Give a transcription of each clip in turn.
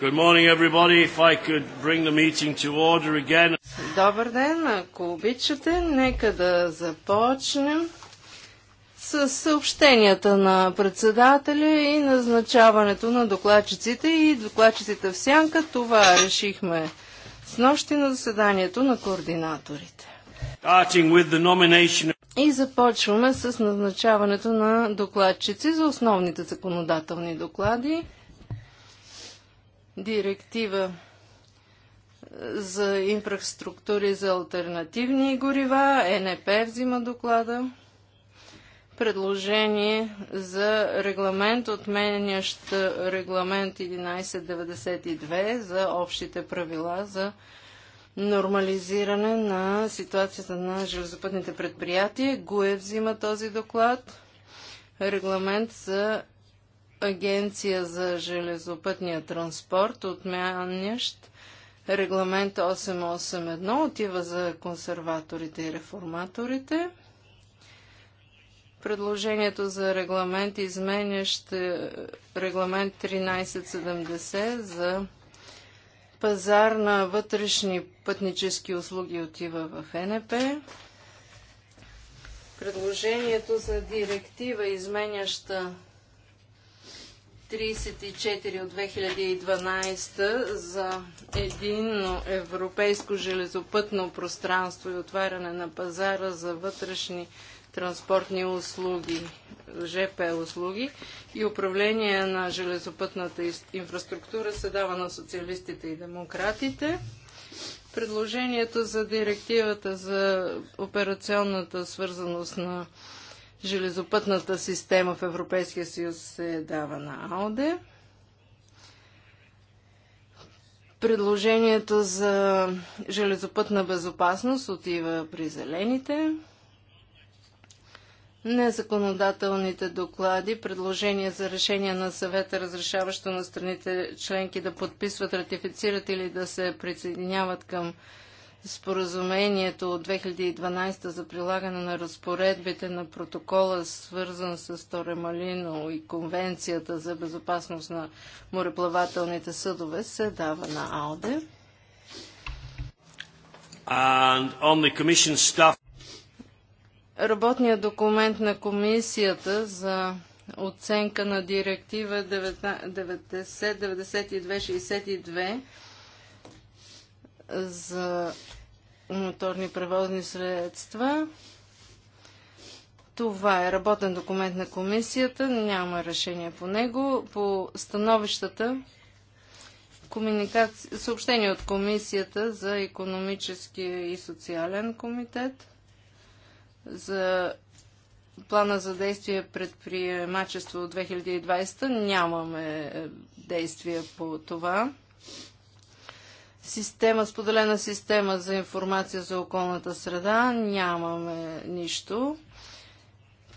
Good morning, everybody. If I could bring the meeting to order again. Добър ден, ако обичате, нека да започнем с съобщенията на председателя и назначаването на докладчиците и докладчиците в сянка. Това решихме с нощи на заседанието на координаторите. И започваме с назначаването на докладчици за основните законодателни доклади директива е, за инфраструктури за альтернативни горива. Е ЕНП взима доклада. Предложение за регламент, отменящ регламент 1192 за общите правила за нормализиране на ситуацията на железопътните предприятия. ГУЕ взима този доклад. Регламент за агенция за железопътния транспорт, отменящ. регламент 881, отива за консерваторите и реформаторите. Предложението за регламент изменящ е, регламент 1370 за пазар на вътрешни пътнически услуги отива в НП. Предложението за директива изменяща 34 от 2012 за единно европейско железопътно пространство и отваряне на пазара за вътрешни транспортни услуги, ЖП услуги и управление на железопътната инфраструктура се дава на социалистите и демократите. Предложението за директивата за операционната свързаност на железопътната система в Европейския съюз се дава на АОДЕ. Предложението за железопътна безопасност отива при зелените. Незаконодателните доклади, предложения за решение на съвета, разрешаващо на страните членки да подписват, ратифицират или да се присъединяват към споразумението от 2012 за прилагане на разпоредбите на протокола, свързан с Торемалино и Конвенцията за безопасност на мореплавателните съдове, се дава на АОДЕ. Staff... Работният документ на комисията за оценка на директива 90-92-62 за моторни превозни средства. Това е работен документ на комисията, няма решение по него. По становищата, съобщение от комисията за економически и социален комитет, за плана за действие предприемачество от 2020 нямаме е, действия по това. Система, споделена система за информация за околната среда, нямаме нищо.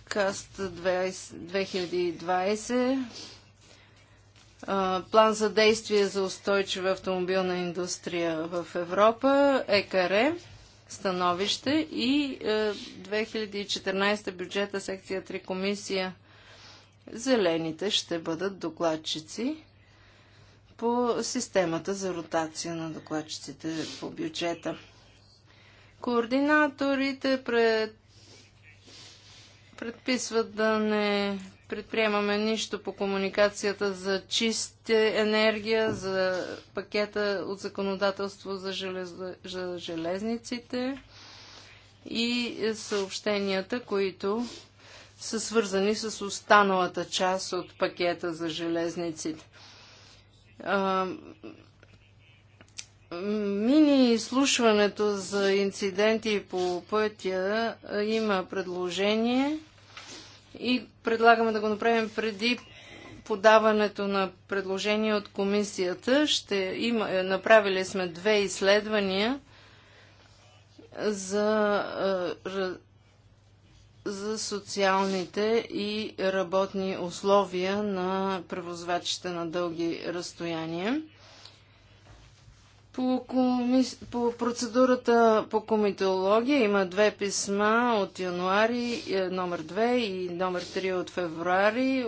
Каст 2020, план за действие за устойчива автомобилна индустрия в Европа, ЕКР, становище и 2014 е, бюджета секция 3 комисия Зелените ще бъдат докладчици по системата за ротация на докладчиците по бюджета. Координаторите пред... предписват да не предприемаме нищо по комуникацията за чиста енергия, за пакета от законодателство за, желез... за железниците и съобщенията, които са свързани с останалата част от пакета за железниците мини изслушването за инциденти по пътя има предложение и предлагаме да го направим преди подаването на предложение от комисията. Ще има, е, направили сме две изследвания за за социалните и работни условия на превозвачите на дълги разстояния. По, коми... по процедурата по комитология има две писма от януари, е, номер 2 и номер 3 от февруари.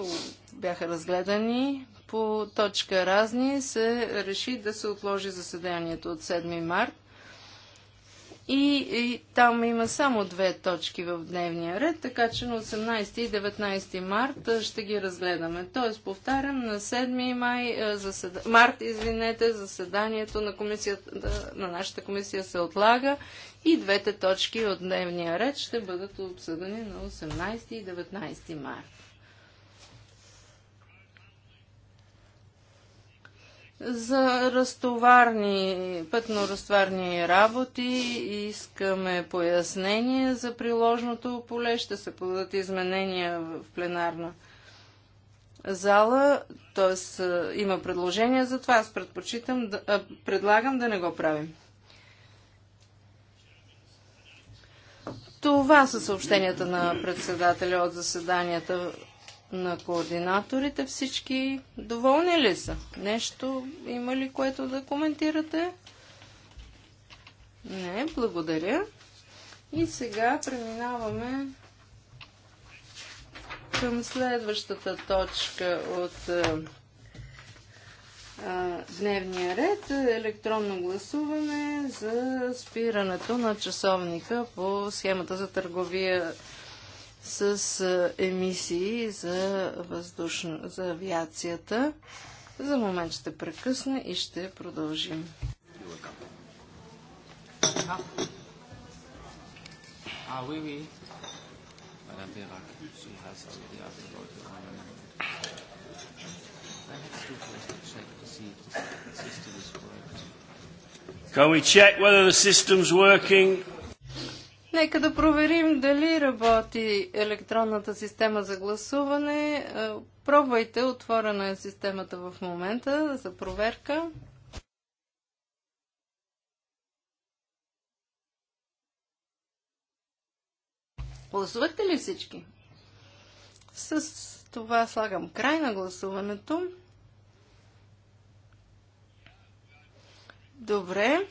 Бяха разгледани. По точка разни се реши да се отложи заседанието от 7 март и, и там има само две точки в дневния ред, така че на 18 и 19 март ще ги разгледаме. Тоест, повтарям, на 7 май, засед... март, извинете, заседанието на, комисията, на нашата комисия се отлага и двете точки от дневния ред ще бъдат обсъдени на 18 и 19 март. За разтоварни, пътно-разтоварни работи искаме пояснение за приложното поле. Ще се подадат изменения в пленарна зала, т.е. има предложение за това. Аз предпочитам да, а, предлагам да не го правим. Това са съобщенията на председателя от заседанията на координаторите всички доволни ли са? Нещо има ли което да коментирате? Не, благодаря. И сега преминаваме към следващата точка от а, е, е, дневния ред. Електронно гласуване за спирането на часовника по схемата за търговия с емисии за, въздушно, за авиацията. За момент ще прекъсна и ще продължим. Can we check whether the system's working? Нека да проверим дали работи електронната система за гласуване. Е, пробвайте, отворена е системата в момента за проверка. Гласувахте ли всички? С това слагам край на гласуването. Добре.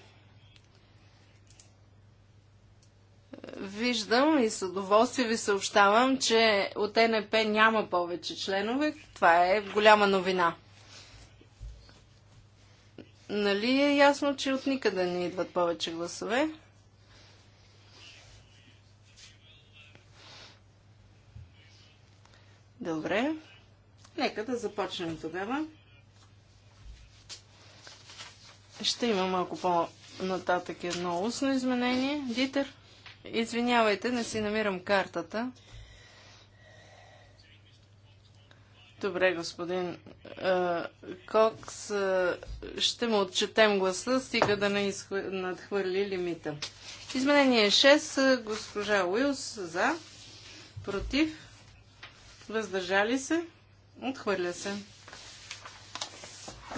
виждам и с удоволствие ви съобщавам, че от НП няма повече членове. Това е голяма новина. Нали е ясно, че от никъде не идват повече гласове? Добре. Нека да започнем тогава. Ще има малко по-нататък едно устно изменение. Дитер? Извинявайте, не си намирам картата. Добре, господин Кокс. Ще му отчетем гласа, стига да не надхвърли лимита. Изменение 6. Госпожа Уилс за. Против. Въздържали се. Отхвърля се.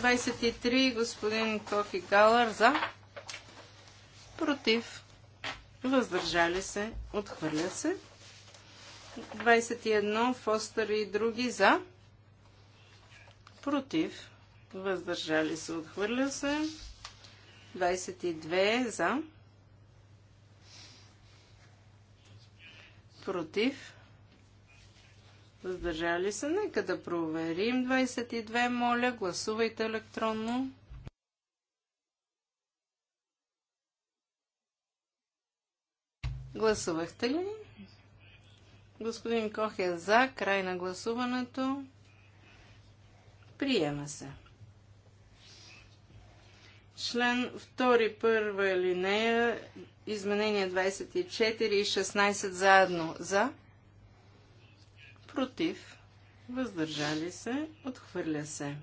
23. Господин Кофи Галър за. Против въздържали се, отхвърля се. 21 Фостър и други за, против, въздържали се, отхвърля се. 22 за, против, въздържали се. Нека да проверим. 22, моля, гласувайте електронно. Гласувахте ли? Господин Кох е за. Край на гласуването. Приема се. Член 2, първа линея, изменение 24 и 16 заедно. За. Против. Въздържали се. Отхвърля се.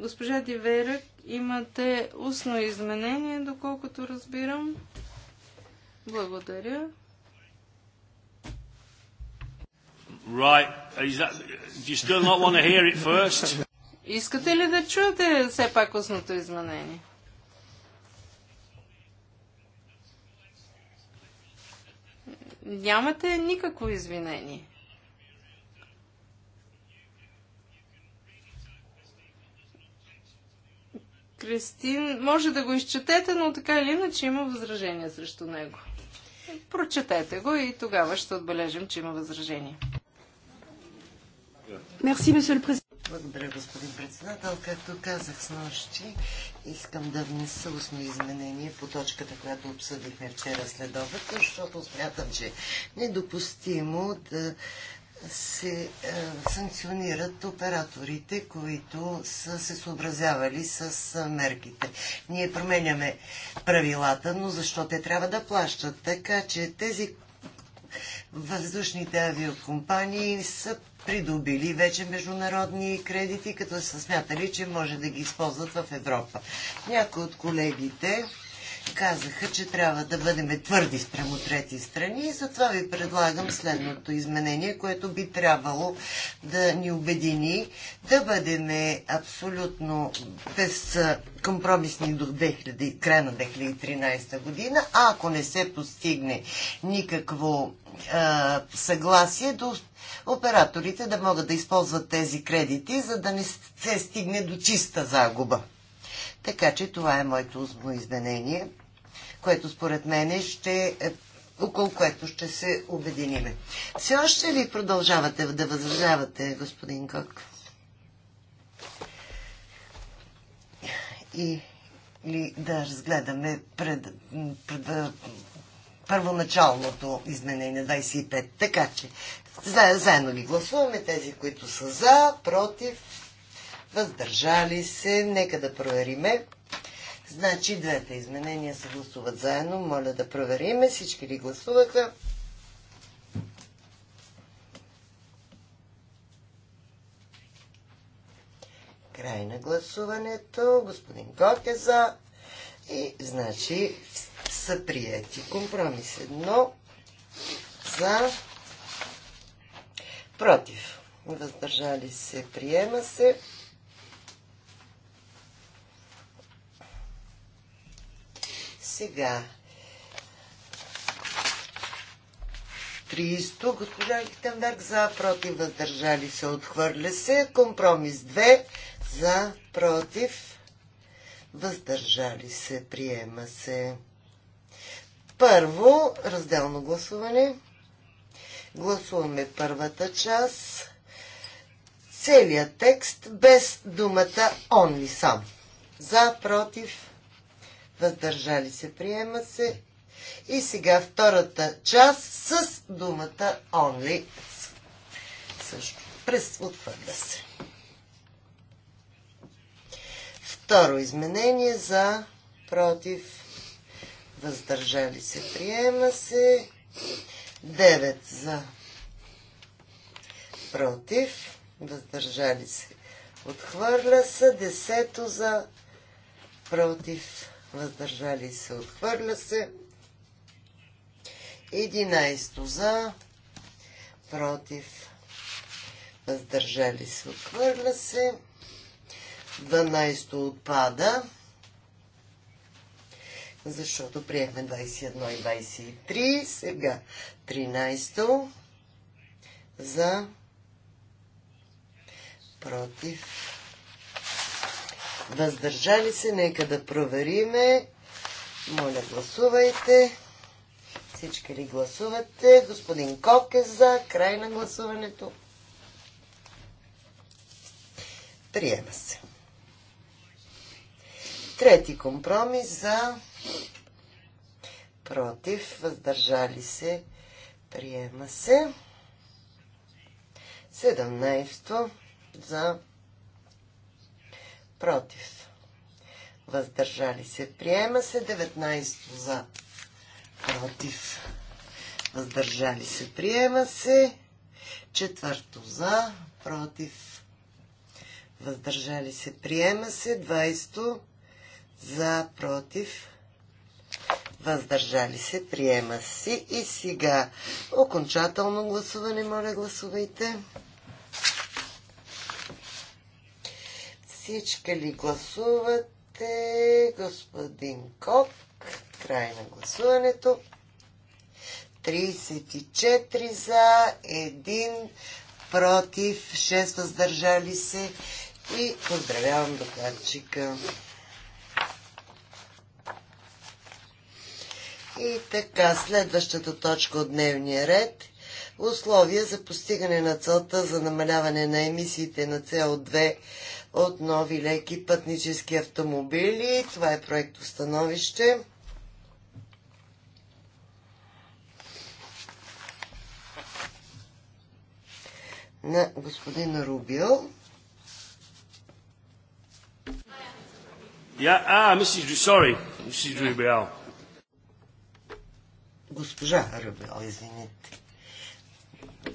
Госпожа Диверък, имате устно изменение, доколкото разбирам. Благодаря. Right. Is that, do you still not want to hear it first? Искате ли да чуете все пак устното изменение? Нямате никакво извинение. Кристин, може да го изчетете, но така или иначе има възражение срещу него. Прочетете го и тогава ще отбележим, че има възражение. Мерси, Благодаря, господин председател. Както казах с нощи, искам да внеса устно изменение по точката, която обсъдихме вчера след обед, защото смятам, че е недопустимо да се е, санкционират операторите, които са се съобразявали с е, мерките. Ние променяме правилата, но защо те трябва да плащат? Така че тези въздушните авиокомпании са придобили вече международни кредити, като са смятали, че може да ги използват в Европа. Някои от колегите казаха, че трябва да бъдем твърди спрямо трети страни и затова ви предлагам следното изменение, което би трябвало да ни обедини да бъдем абсолютно без компромисни до 2000, края на 2013 година, а ако не се постигне никакво а, съгласие до операторите да могат да използват тези кредити, за да не се стигне до чиста загуба. Така че това е моето устно изменение, което според мен ще е, около което ще се обединиме. Все още ли продължавате да възражавате, господин Кок? И ли да разгледаме пред, пред, първоначалното изменение 25. Така че, за, заедно ли гласуваме тези, които са за, против, въздържали се. Нека да провериме. Значи двете изменения се гласуват заедно. Моля да провериме. Всички ли гласуваха? Край на гласуването. Господин Гок е за. И значи са прияти. Компромис едно за против. Въздържали се, приема се. Сега. 300. Госпожа Хитендарк, за, против, въздържали се, отхвърля се. Компромис 2 за, против, въздържали се, приема се. Първо, разделно гласуване. Гласуваме първата част. Целият текст без думата only сам. За, против, въздържали се, приема се. И сега втората част с думата only. Също през отвърда се. Второ изменение за против въздържали се, приема се. 9 за против, въздържали се. Отхвърля се, Десето за против, въздържали се, отхвърля се. 11 за, против, въздържали се, отхвърля се. 12 отпада, защото приехме 21 и 23. Сега 13 за, против, въздържали се. Нека да провериме. Моля, гласувайте. Всички ли гласувате? Господин Кок е за. Край на гласуването. Приема се. Трети компромис за против, въздържали се, приема се. 17 за против, въздържали се. Приема се 19 за, против, въздържали се. Приема се четвърто за, против, въздържали се. Приема се 20 за, против, въздържали се. Приема се. И сега окончателно гласуване, моля гласувайте. Всички ли гласувате? Господин Кок. Край на гласуването. 34 за, 1 против, 6 въздържали се и поздравявам докладчика. И така, следващата точка от дневния ред – условия за постигане на целта за намаляване на емисиите на СО2 от нови леки пътнически автомобили. Това е проект установище. на господин Рубил. Yeah, ah, Mrs. Du, sorry, Mrs. Rubel. Госпожа Рубио, извините.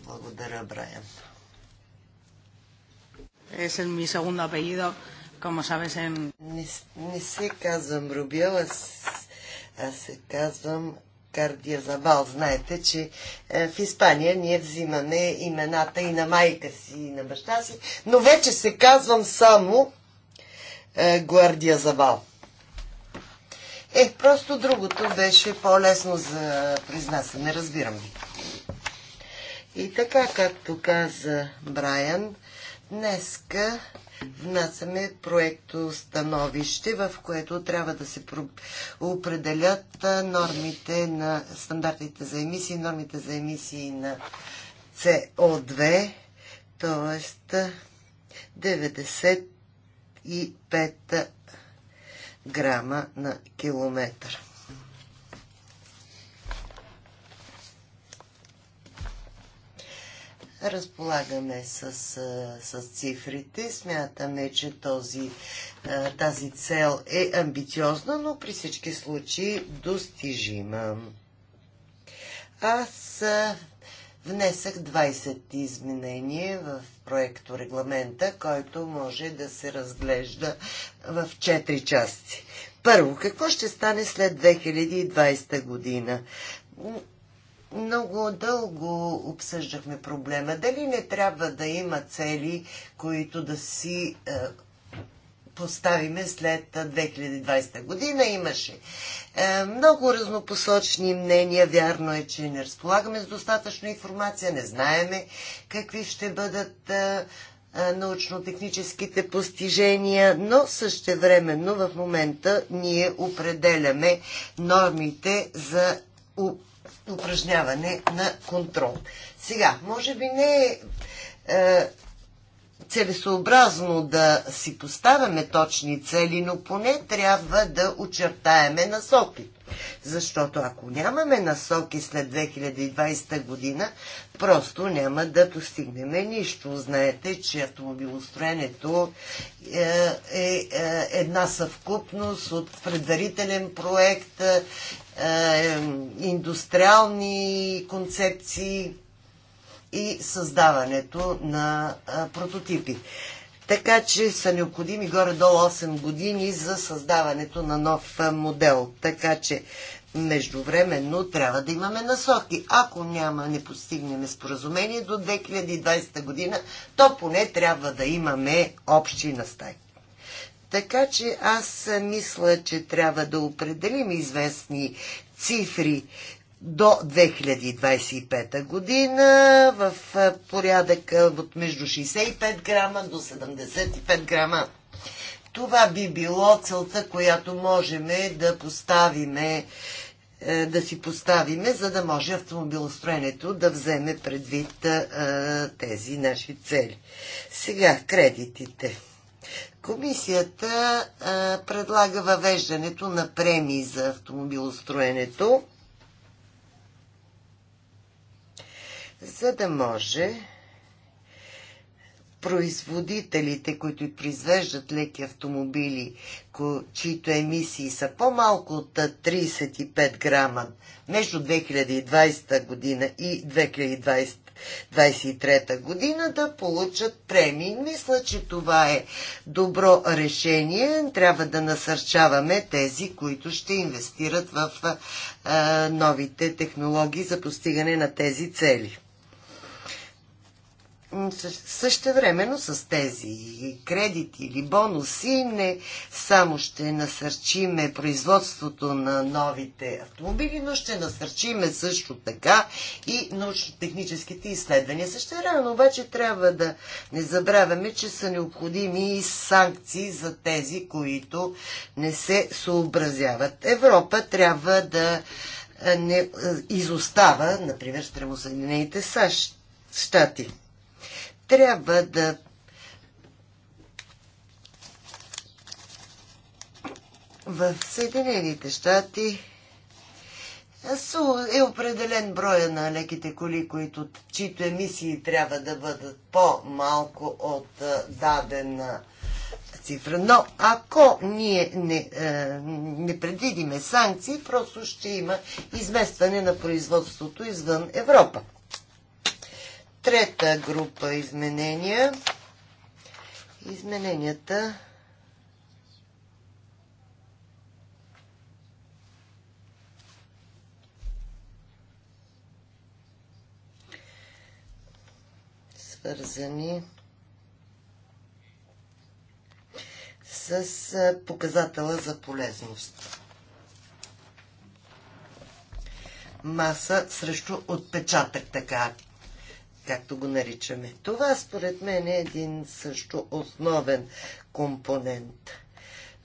Благодаря, Брайан. Es en mi segundo apellido, como sabes, en... Не, не се казвам Рубиел, аз, аз се казвам Кардиазабал. Знаете, че е, в Испания ние взимаме имената и на майка си, и на баща си, но вече се казвам само Гуардия е, Гвардиазабал. Е, просто другото беше по-лесно за произнасяне, разбирам ви. И така, както каза Брайан, днеска внасяме проекто становище, в което трябва да се определят нормите на стандартите за емисии, нормите за емисии на CO2, т.е. 95 грама на километър. разполагаме с, с цифрите. Смятаме, че този, тази цел е амбициозна, но при всички случаи достижима. Аз внесах 20 изменения в проекто регламента, който може да се разглежда в 4 части. Първо, какво ще стане след 2020 година? много дълго обсъждахме проблема. Дали не трябва да има цели, които да си е, поставиме след 2020 е, година. Имаше е, много разнопосочни мнения. Вярно е, че не разполагаме с достатъчно информация, не знаеме какви ще бъдат е, е научно-техническите постижения, но същевременно в момента ние определяме нормите за упражняване на контрол. Сега, може би не е, е целесообразно да си поставяме точни цели, но поне трябва да очертаеме насоки. Защото ако нямаме насоки след 2020 година, просто няма да достигнем нищо. Знаете, че автомобилостроенето е, е, е една съвкупност от предварителен проект е, индустриални концепции и създаването на е, прототипи. Така че са необходими горе-долу 8 години за създаването на нов е, модел. Така че междувременно трябва да имаме насоки. Ако няма, не постигнем споразумение до 2020 година, то поне трябва да имаме общи настайки. Така че аз мисля, че трябва да определим известни цифри до 2025 година в порядък от между 65 грама до 75 грама. Това би било целта, която можем да поставиме е, да си поставиме, за да може автомобилостроенето да вземе предвид тези наши цели. Сега кредитите. Комисията а, предлага въвеждането на премии за автомобилостроенето, за да може производителите, които произвеждат леки автомобили, чието емисии са по-малко от 35 грама между 2020 година и 2020 2023 година да получат премии. Мисля, че това е добро решение. Трябва да насърчаваме тези, които ще инвестират в новите технологии за постигане на тези цели. Същевременно с тези кредити или бонуси не само ще насърчиме производството на новите автомобили, но ще насърчиме също така и научно-техническите изследвания. Същевременно обаче трябва да не забравяме, че са необходими и санкции за тези, които не се съобразяват. Европа трябва да е, не е, изостава, например, спрямо Съединените САЩ. Штати трябва да в Съединените щати е определен броя на леките коли, които, чието емисии трябва да бъдат по-малко от дадена цифра. Но ако ние не, не предвидиме санкции, просто ще има изместване на производството извън Европа трета група изменения. Измененията свързани с показателя за полезност. Маса срещу отпечатък, така както го наричаме. Това според мен е един също основен компонент.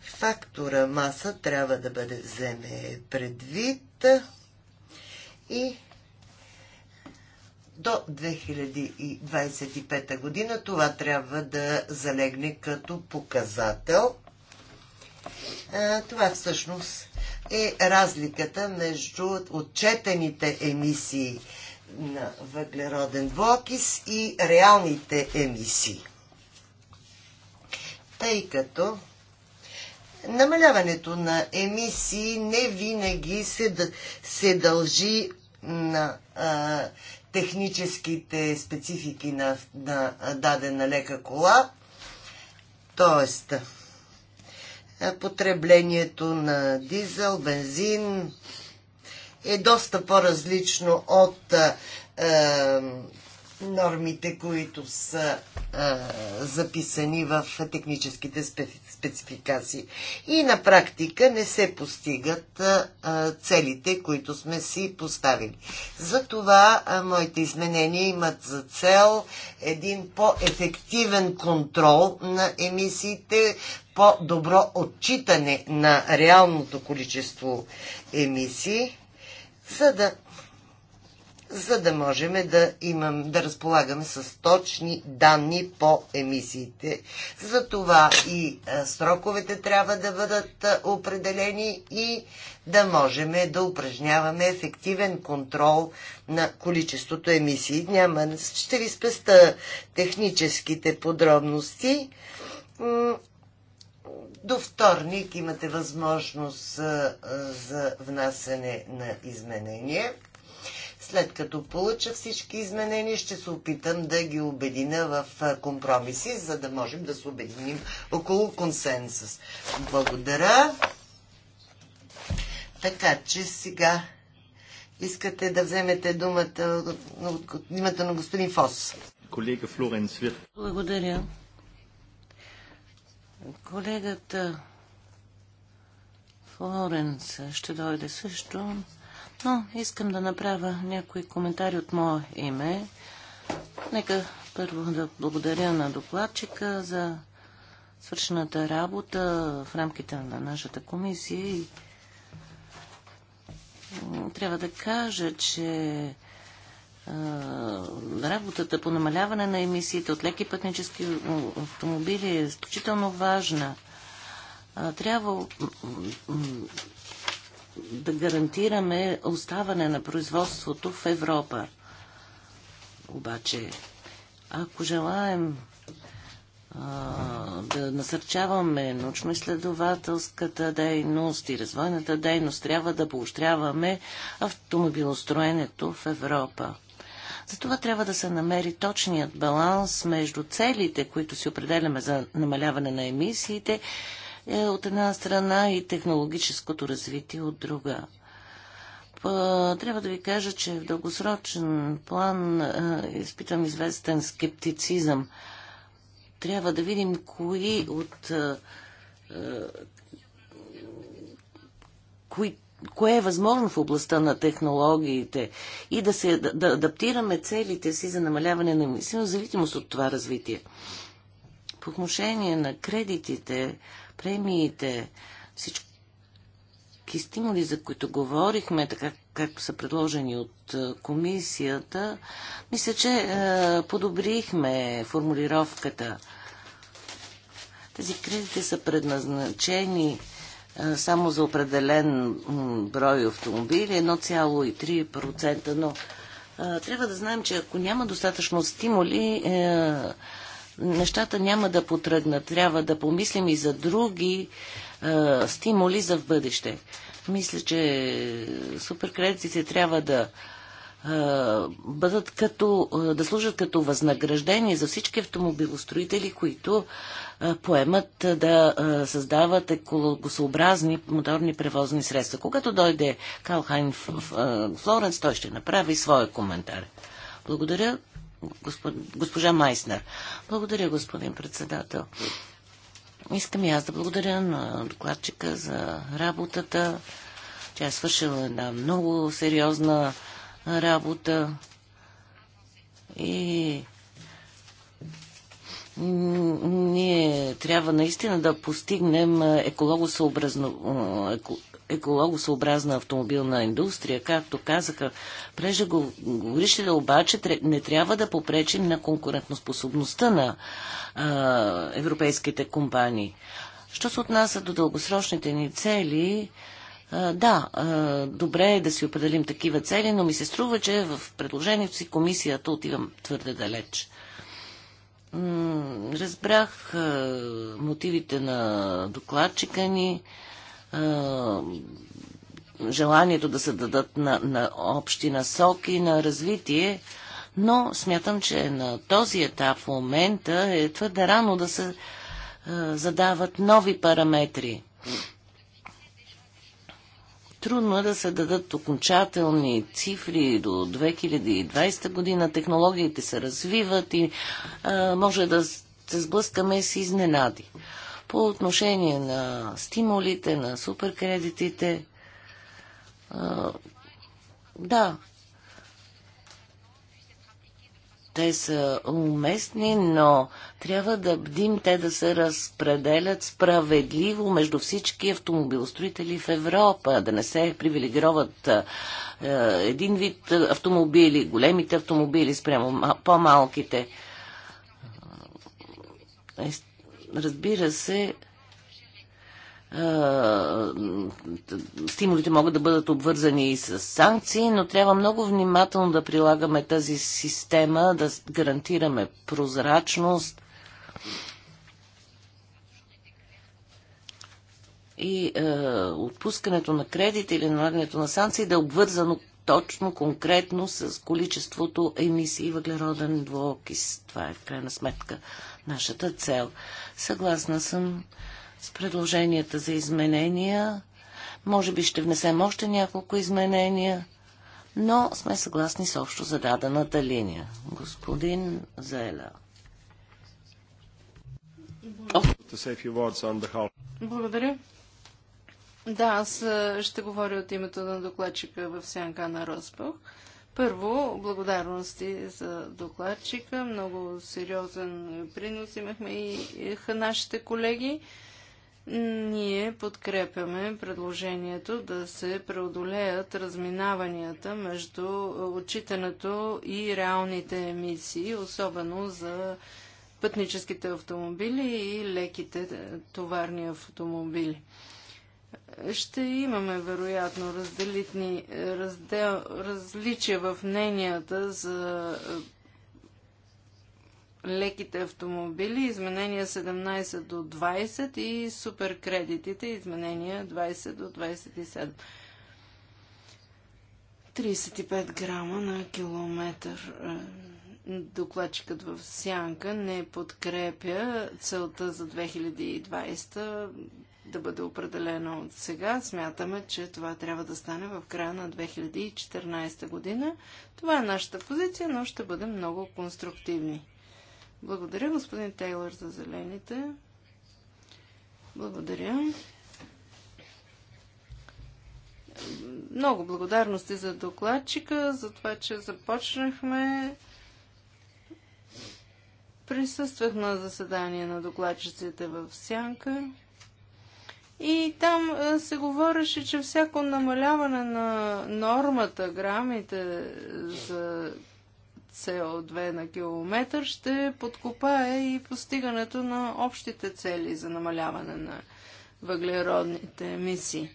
Фактора маса трябва да бъде вземе предвид и до 2025 година това трябва да залегне като показател. Това всъщност е разликата между отчетените емисии на въглероден блокис и реалните емисии. Тъй като намаляването на емисии не винаги се, се дължи на а, техническите специфики на, на дадена лека кола, т.е. потреблението на дизел, бензин, е доста по-различно от е, е, нормите, които са е, записани в техническите спецификации. И на практика не се постигат е, е, целите, които сме си поставили. Затова е, моите изменения имат за цел един по-ефективен контрол на емисиите, по-добро отчитане на реалното количество емисии за да, за да можем да, имам, да разполагаме с точни данни по емисиите. За това и сроковете трябва да бъдат определени и да можем да упражняваме ефективен контрол на количеството емисии. Няма, ще ви спеста техническите подробности до вторник имате възможност за внасене на изменения. След като получа всички изменения, ще се опитам да ги обедина в компромиси, за да можем да се обединим около консенсус. Благодаря. Така че сега искате да вземете думата от на господин Фос. Колега Флоренс Вир. Благодаря. Колегата Флоренс ще дойде също, но искам да направя някои коментари от мое име. Нека първо да благодаря на докладчика за свършената работа в рамките на нашата комисия и трябва да кажа, че работата по намаляване на емисиите от леки пътнически автомобили е изключително важна. Трябва да гарантираме оставане на производството в Европа. Обаче, ако желаем да насърчаваме научно-изследователската дейност и развойната дейност, трябва да поощряваме автомобилостроенето в Европа. Затова трябва да се намери точният баланс между целите, които си определяме за намаляване на емисиите, е, от една страна и технологическото развитие от друга. трябва да ви кажа, че в дългосрочен план е, изпитвам известен скептицизъм. Трябва да видим кои от е, е, кои кое е възможно в областта на технологиите и да, се, да, да адаптираме целите си за намаляване на в зависимост от това развитие. По отношение на кредитите, премиите, всички стимули, за които говорихме, така както са предложени от е, комисията, мисля, че е, подобрихме формулировката. Тези кредити са предназначени само за определен брой автомобили 1,3%, но трябва да знаем, че ако няма достатъчно стимули, е, нещата няма да потръгнат. Трябва да помислим и за други е, стимули за в бъдеще. Мисля, че суперкредитите трябва да бъдат като, да служат като възнаграждение за всички автомобилостроители, които поемат да създават екологосообразни моторни превозни средства. Когато дойде Калхайн в Флоренс, той ще направи своя коментар. Благодаря, госпо... госпожа Майснер. Благодаря, господин председател. Искам и аз да благодаря на докладчика за работата. Тя е свършила една много сериозна работа и ние трябва наистина да постигнем екологосъобразно, екологосъобразна автомобилна индустрия, както казаха преждеговорившите, обаче не трябва да попречим на конкурентоспособността на а, европейските компании. Що се отнася до дългосрочните ни цели, да, добре е да си определим такива цели, но ми се струва, че в предложението си комисията отивам твърде далеч. Разбрах мотивите на докладчика ни, желанието да се дадат на, на общи насоки на развитие, но смятам, че на този етап в момента е твърде рано да се задават нови параметри трудно е да се дадат окончателни цифри до 2020 година. Технологиите се развиват и а, може да се сблъскаме с изненади. По отношение на стимулите, на суперкредитите, а, да, те са уместни, но трябва да бдим те да се разпределят справедливо между всички автомобилостроители в Европа, да не се привилегироват е, един вид автомобили, големите автомобили спрямо по-малките. Е, разбира се, е, стимулите могат да бъдат обвързани и с санкции, но трябва много внимателно да прилагаме тази система, да гарантираме прозрачност и е, отпускането на кредит или налагането на санкции да е обвързано точно, конкретно с количеството емисии въглероден двуокис. Това е в крайна сметка нашата цел. Съгласна съм с предложенията за изменения. Може би ще внесем още няколко изменения, но сме съгласни с общо зададената линия. Господин Зеля. Благодаря. Да, аз ще говоря от името на докладчика в Сянка на Роспах. Първо, благодарности за докладчика. Много сериозен принос имахме и нашите колеги. Ние подкрепяме предложението да се преодолеят разминаванията между отчитането и реалните емисии, особено за пътническите автомобили и леките товарни автомобили. Ще имаме, вероятно, разделитни, раздел, различия в мненията за леките автомобили, изменения 17 до 20 и суперкредитите, изменения 20 до 27. 35 грама на километър. Е, докладчикът в сянка не подкрепя целта за 2020 да бъде определена от сега. Смятаме, че това трябва да стане в края на 2014 година. Това е нашата позиция, но ще бъдем много конструктивни. Благодаря, господин Тейлър, за зелените. Благодаря. Много благодарности за докладчика, за това, че започнахме. Присъствах на заседание на докладчиците в Сянка. И там е, се говореше, че всяко намаляване на нормата, грамите за CO2 на километър ще подкопае и постигането на общите цели за намаляване на въглеродните емисии.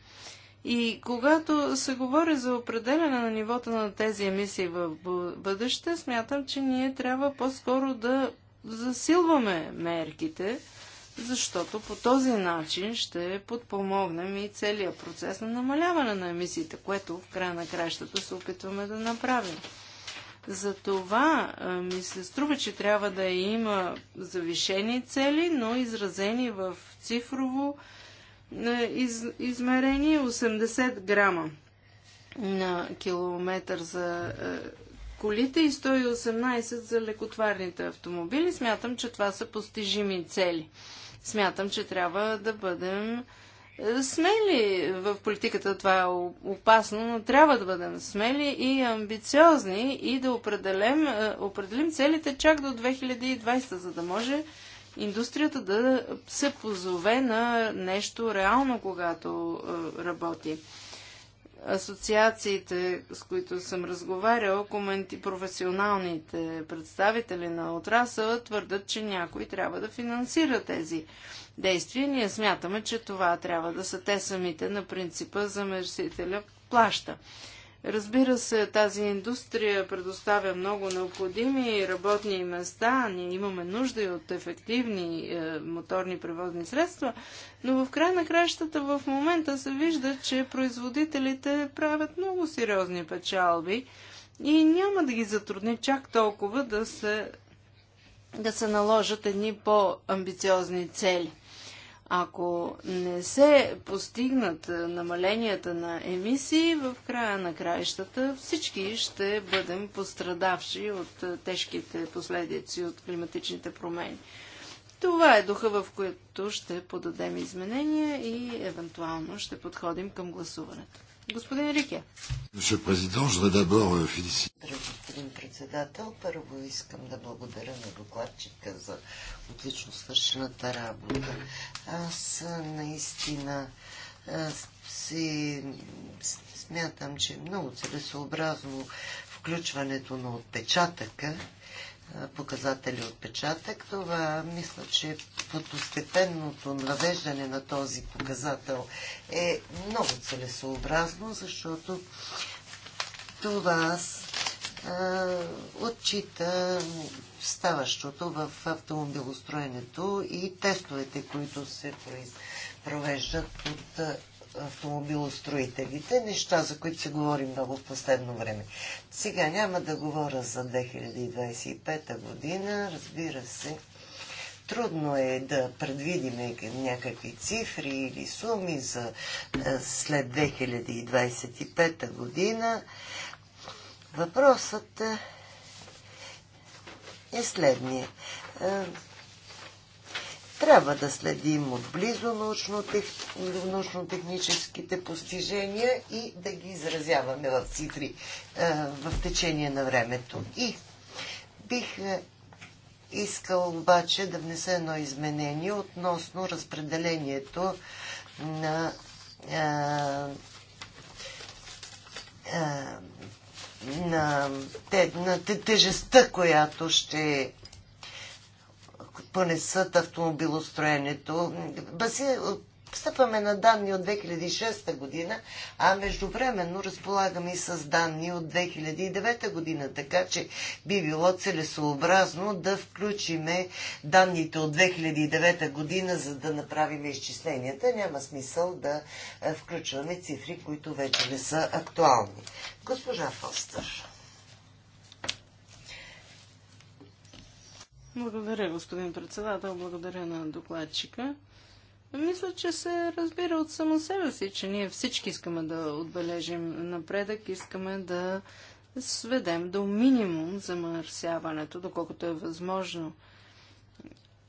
И когато се говори за определяне на нивото на тези емисии в бъдеще, смятам, че ние трябва по-скоро да засилваме мерките, защото по този начин ще подпомогнем и целият процес на намаляване на емисиите, което в края на кращата се опитваме да направим. За това ми се струва, че трябва да има завишени цели, но изразени в цифрово из, измерение 80 грама на километър за колите и 118 за лекотварните автомобили. Смятам, че това са постижими цели. Смятам, че трябва да бъдем смели в политиката, това е опасно, но трябва да бъдем смели и амбициозни и да определим, е, определим целите чак до 2020, за да може индустрията да се позове на нещо реално, когато е, работи асоциациите, с които съм разговарял, коменти професионалните представители на отрасъла твърдят, че някой трябва да финансира тези действия. Ние смятаме, че това трябва да са те самите на принципа за мерсителя плаща. Разбира се, тази индустрия предоставя много необходими работни места. Ние имаме нужда и от ефективни е, моторни превозни средства, но в край на кращата в момента се вижда, че производителите правят много сериозни печалби и няма да ги затрудни чак толкова да се, да се наложат едни по-амбициозни цели. Ако не се постигнат намаленията на емисии, в края на краищата всички ще бъдем пострадавши от тежките последици от климатичните промени. Това е духа, в който ще подадем изменения и евентуално ще подходим към гласуването. Господин Рике. Euh, господин председател, първо искам да благодаря на докладчика за отлично свършената работа. Аз наистина си смятам, че е много целесообразно включването на отпечатъка показатели отпечатък. Това мисля, че постепенното навеждане на този показател е много целесообразно, защото това отчита ставащото в автомобилостроенето и тестовете, които се провеждат от автомобилостроителите, неща, за които се говори много в последно време. Сега няма да говоря за 2025 година, разбира се. Трудно е да предвидим някакви цифри или суми за е, след 2025 година. Въпросът е, е следния е, трябва да следим отблизо научно-техническите научно постижения и да ги изразяваме в цифри е, в течение на времето. И бих е, искал обаче да внесе едно изменение относно разпределението на а, е, на, на тежестта, която ще понесат автомобилостроенето. Баси, стъпваме на данни от 2006 година, а междувременно разполагаме и с данни от 2009 година, така че би било целесообразно да включиме данните от 2009 година, за да направим изчисленията. Няма смисъл да е, включваме цифри, които вече не са актуални. Госпожа Фостър. Благодаря, господин председател. Благодаря на докладчика. Мисля, че се разбира от само себе си, че ние всички искаме да отбележим напредък, искаме да сведем до минимум замърсяването, доколкото е възможно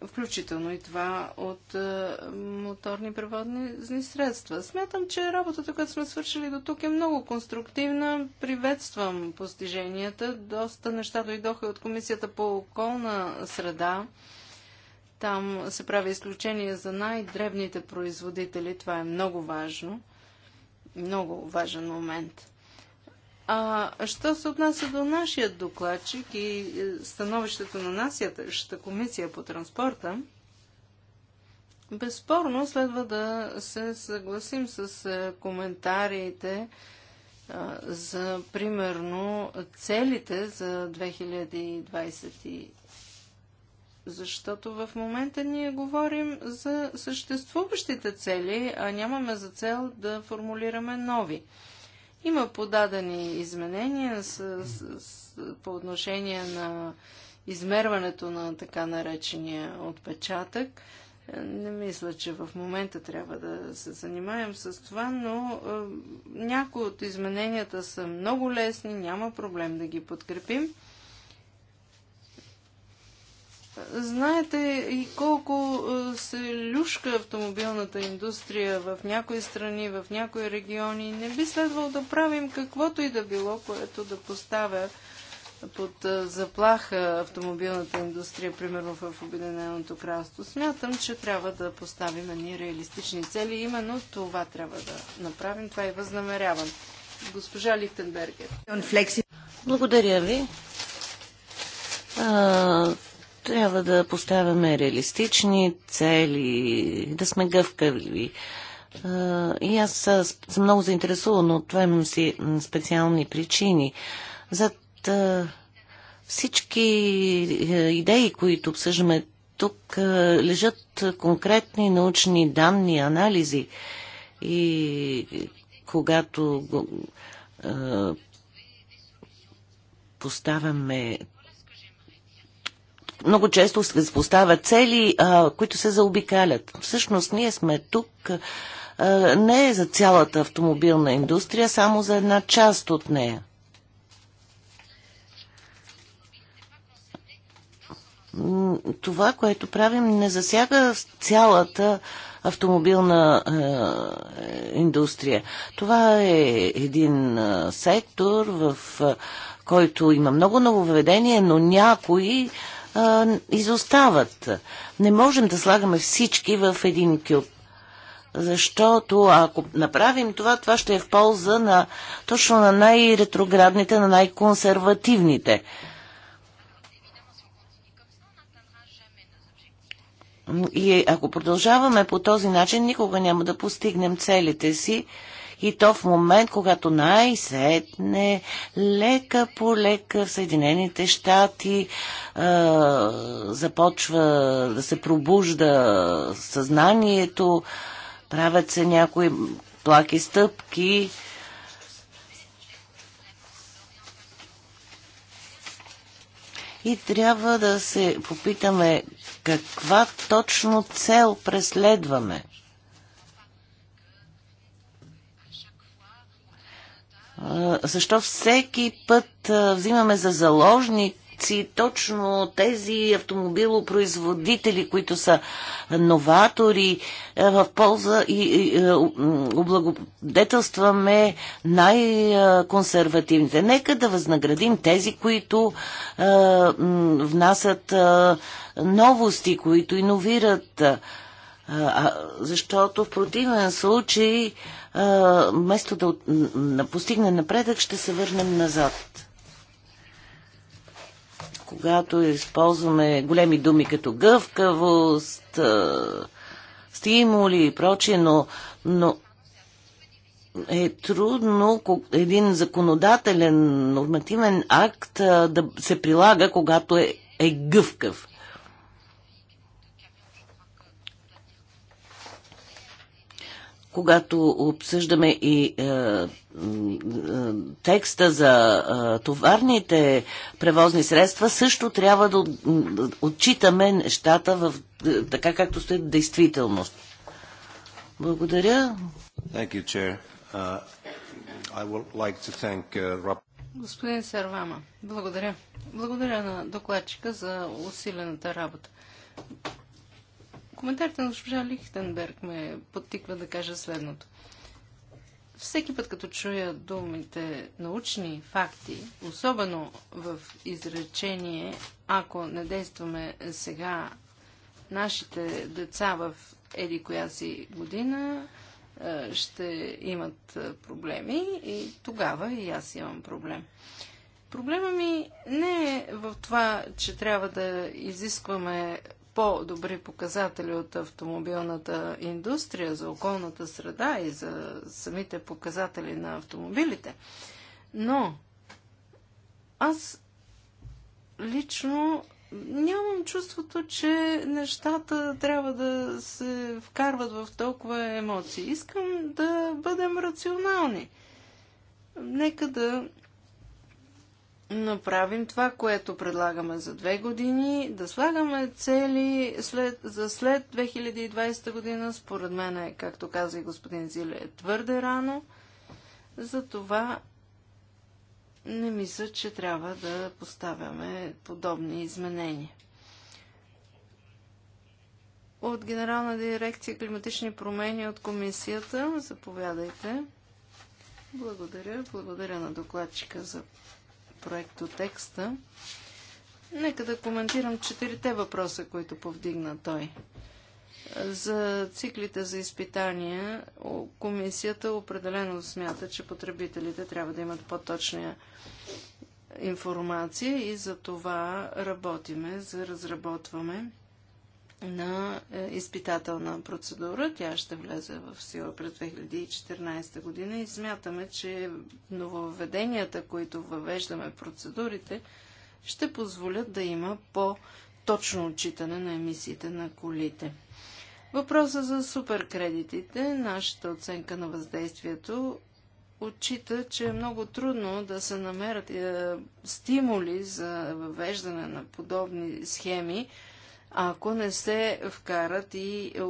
включително и това от а, е, моторни преводни средства. Смятам, че работата, която сме свършили до тук е много конструктивна. Приветствам постиженията. Доста неща дойдоха от Комисията по околна среда. Там се прави изключение за най-дребните производители. Това е много важно. Много важен момент. А, що се отнася до нашия докладчик и е, становището на нашата комисия по транспорта, безспорно следва да се съгласим с е, коментарите е, за, примерно, целите за 2020 защото в момента ние говорим за съществуващите цели, а нямаме за цел да формулираме нови. Има подадени изменения с, с, с, по отношение на измерването на така наречения отпечатък. Е, не мисля, че в момента трябва да се занимаем с това, но е, някои от измененията са много лесни, няма проблем да ги подкрепим. Знаете и колко е, се люшка автомобилната индустрия в някои страни, в някои региони. Не би следвало да правим каквото и да било, което да поставя под е, заплаха автомобилната индустрия, примерно в Обединеното кралство. Смятам, че трябва да поставим едни реалистични цели. Именно това трябва да направим. Това и е възнамерявам. Госпожа Лихтенбергер. Благодаря ви трябва да поставяме реалистични цели, да сме гъвкави. И аз съм много заинтересувана от това имам си специални причини. Зад всички е, идеи, които обсъждаме тук, е, лежат конкретни научни данни, анализи. И когато е, поставяме много често се поставят цели, а, които се заобикалят. Всъщност ние сме тук а, не за цялата автомобилна индустрия, само за една част от нея. Това, което правим, не засяга цялата автомобилна е, индустрия. Това е един е, сектор, в е, който има много нововведение, но някои а, изостават. Не можем да слагаме всички в един кюб. Защото ако направим това, това ще е в полза на точно на най-ретроградните, на най-консервативните. И ако продължаваме по този начин, никога няма да постигнем целите си и то в момент, когато най-сетне, лека по лека в Съединените щати е, започва да се пробужда съзнанието, правят се някои плаки стъпки. И трябва да се попитаме каква точно цел преследваме – Защо всеки път взимаме за заложници точно тези автомобилопроизводители, които са новатори в полза и облагодетелстваме най-консервативните? Нека да възнаградим тези, които внасят новости, които иновират. А, защото в противен случай, а, вместо да постигне напредък, ще се върнем назад. Когато използваме големи думи като гъвкавост, а, стимули и прочие, но, но е трудно един законодателен нормативен акт да се прилага, когато е, е гъвкав. когато обсъждаме и е, е, текста за е, товарните превозни средства, също трябва да отчитаме нещата в, е, така както стоят действителност. Благодаря. Thank you, Chair. Uh, I would like to thank, uh, Господин Сервама, благодаря. Благодаря на докладчика за усилената работа. Коментарите на госпожа Лихтенберг ме подтиква да кажа следното. Всеки път, като чуя думите научни факти, особено в изречение, ако не действаме сега, нашите деца в еди коя си година е, ще имат е, проблеми и тогава и аз имам проблем. Проблема ми не е в това, че трябва да изискваме по-добри показатели от автомобилната индустрия за околната среда и за самите показатели на автомобилите. Но аз лично нямам чувството, че нещата трябва да се вкарват в толкова емоции. Искам да бъдем рационални. Нека да направим това, което предлагаме за две години, да слагаме цели след, за след 2020 година, според мен е, както каза и господин Зиле, е твърде рано. Затова не мисля, че трябва да поставяме подобни изменения. От Генерална дирекция климатични промени от комисията, заповядайте. Благодаря. Благодаря на докладчика за проектотекста. текста. Нека да коментирам четирите въпроса, които повдигна той. За циклите за изпитания комисията определено смята, че потребителите трябва да имат по точния информация и за това работиме, за разработваме на е, изпитателна процедура. Тя ще влезе в сила през 2014 година и смятаме, че нововведенията, които въвеждаме процедурите, ще позволят да има по-точно отчитане на емисиите на колите. Въпроса за суперкредитите, нашата оценка на въздействието отчита, че е много трудно да се намерят е, стимули за въвеждане на подобни схеми, ако не се вкарат и е,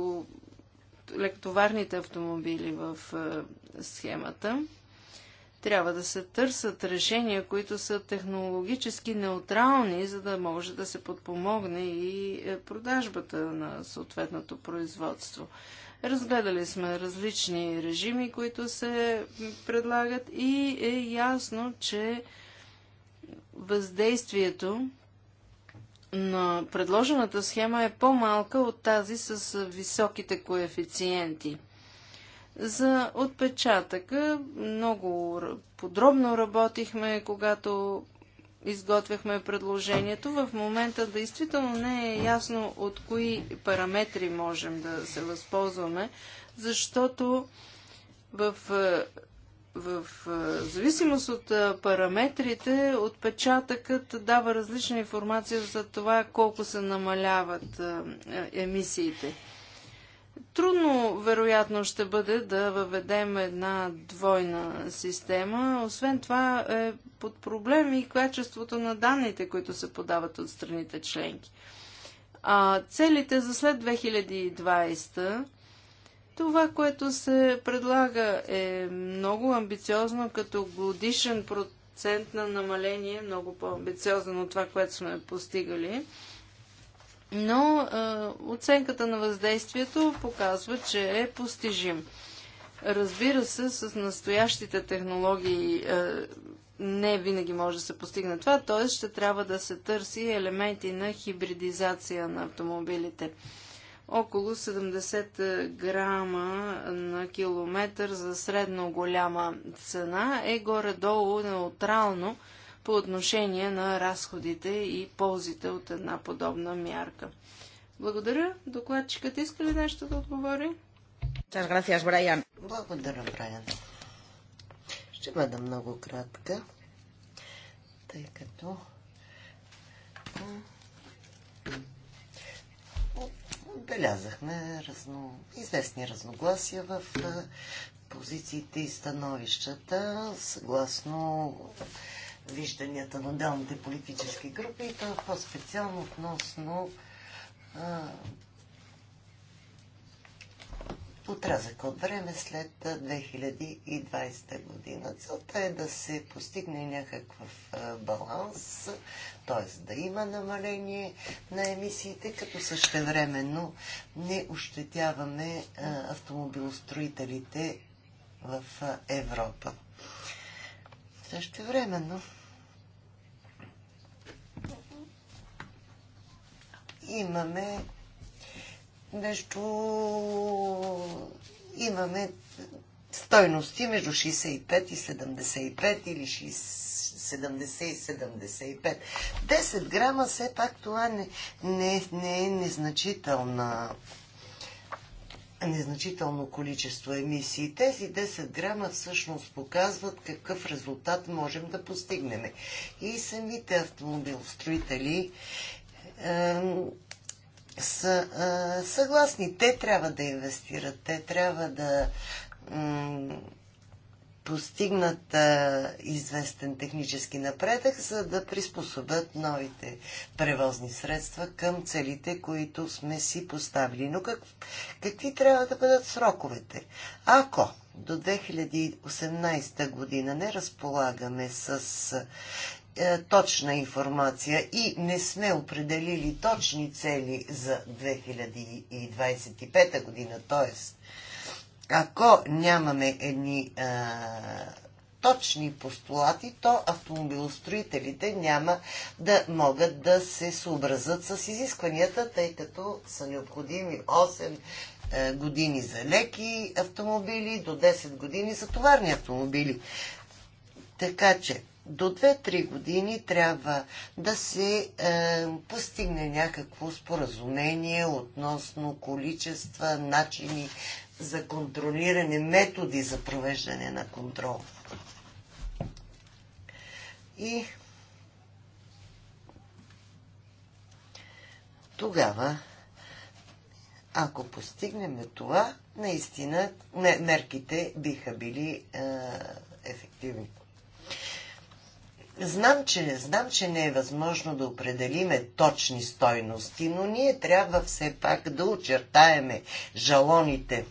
лектоварните автомобили в е, схемата. Трябва да се търсят решения, които са технологически неутрални, за да може да се подпомогне и е, продажбата на съответното производство. Разгледали сме различни режими, които се предлагат и е ясно, че въздействието но предложената схема е по-малка от тази с високите коефициенти. За отпечатъка много подробно работихме, когато изготвяхме предложението. В момента действително не е ясно от кои параметри можем да се възползваме, защото в е, в зависимост от параметрите, отпечатъкът дава различна информация за това колко се намаляват е, емисиите. Трудно, вероятно, ще бъде да въведем една двойна система. Освен това е под проблем и качеството на данните, които се подават от страните членки. А целите за след 2020 това, което се предлага е много амбициозно, като годишен процент на намаление, много по-амбициозно от това, което сме постигали. Но е, оценката на въздействието показва, че е постижим. Разбира се, с настоящите технологии е, не винаги може да се постигне това, т.е. ще трябва да се търси елементи на хибридизация на автомобилите около 70 грама на километър за средно голяма цена е горе-долу неутрално по отношение на разходите и ползите от една подобна мярка. Благодаря. Докладчикът иска ли нещо да отговори? Благодаря, Брайан. Ще бъда много кратка, тъй като отбелязахме разно, известни разногласия в позициите и становищата, съгласно вижданията на отделните политически групи, и то по-специално относно а, отрязък от време след 2020 година. Целта е да се постигне някакъв баланс, т.е. да има намаление на емисиите, като същевременно не ощетяваме автомобилостроителите в Европа. Същевременно имаме Нещо имаме стойности между 65 и 75 или 70 и 75. 10 грама все пак това не, не, не е незначителна незначително количество емисии. Тези 10 грама всъщност показват какъв резултат можем да постигнем. И самите автомобилостроители са а, съгласни. Те трябва да инвестират, те трябва да постигнат а, известен технически напредък, за да приспособят новите превозни средства към целите, които сме си поставили. Но как, какви трябва да бъдат сроковете? Ако до 2018 година не разполагаме с е, точна информация и не сме определили точни цели за 2025 година. Т.е. ако нямаме едни а, е, точни постулати, то автомобилостроителите няма да могат да се съобразят с изискванията, тъй като са необходими 8 е, години за леки автомобили, до 10 години за товарни автомобили. Така че до 2-3 години трябва да се е, постигне някакво споразумение относно количества, начини за контролиране, методи за провеждане на контрол. И тогава, ако постигнем това, наистина мерките биха били е, ефективни. Знам че, не знам, че не е възможно да определиме точни стойности, но ние трябва все пак да очертаеме жалоните.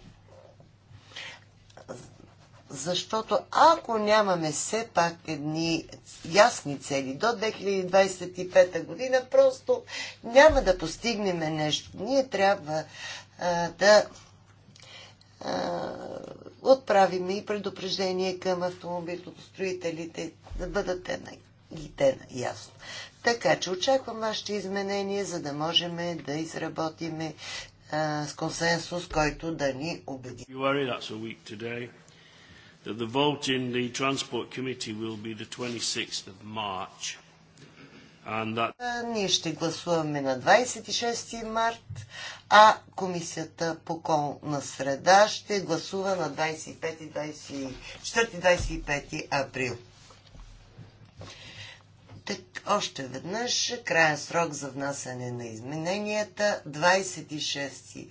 Защото ако нямаме все пак едни ясни цели до 2025 година, просто няма да постигнем нещо. Ние трябва а, да а, Отправиме и предупреждение към автомобилостроителите да бъдат една и те ясно. Така че очаквам вашите изменения, за да можем да изработиме а, с консенсус, който да ни убеди. That the vote in the Transport Committee will be the 26th of March. Ние ще гласуваме на 26 март, а Комисията по колна среда ще гласува на 24-25 април. Так, още веднъж, крайен срок за внасяне на измененията 26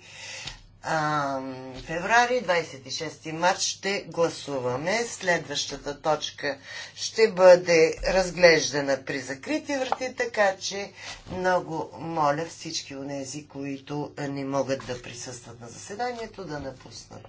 а, феврари, 26 март ще гласуваме. Следващата точка ще бъде разглеждана при закрити врати, така че много моля всички от тези, които не могат да присъстват на заседанието, да напуснат.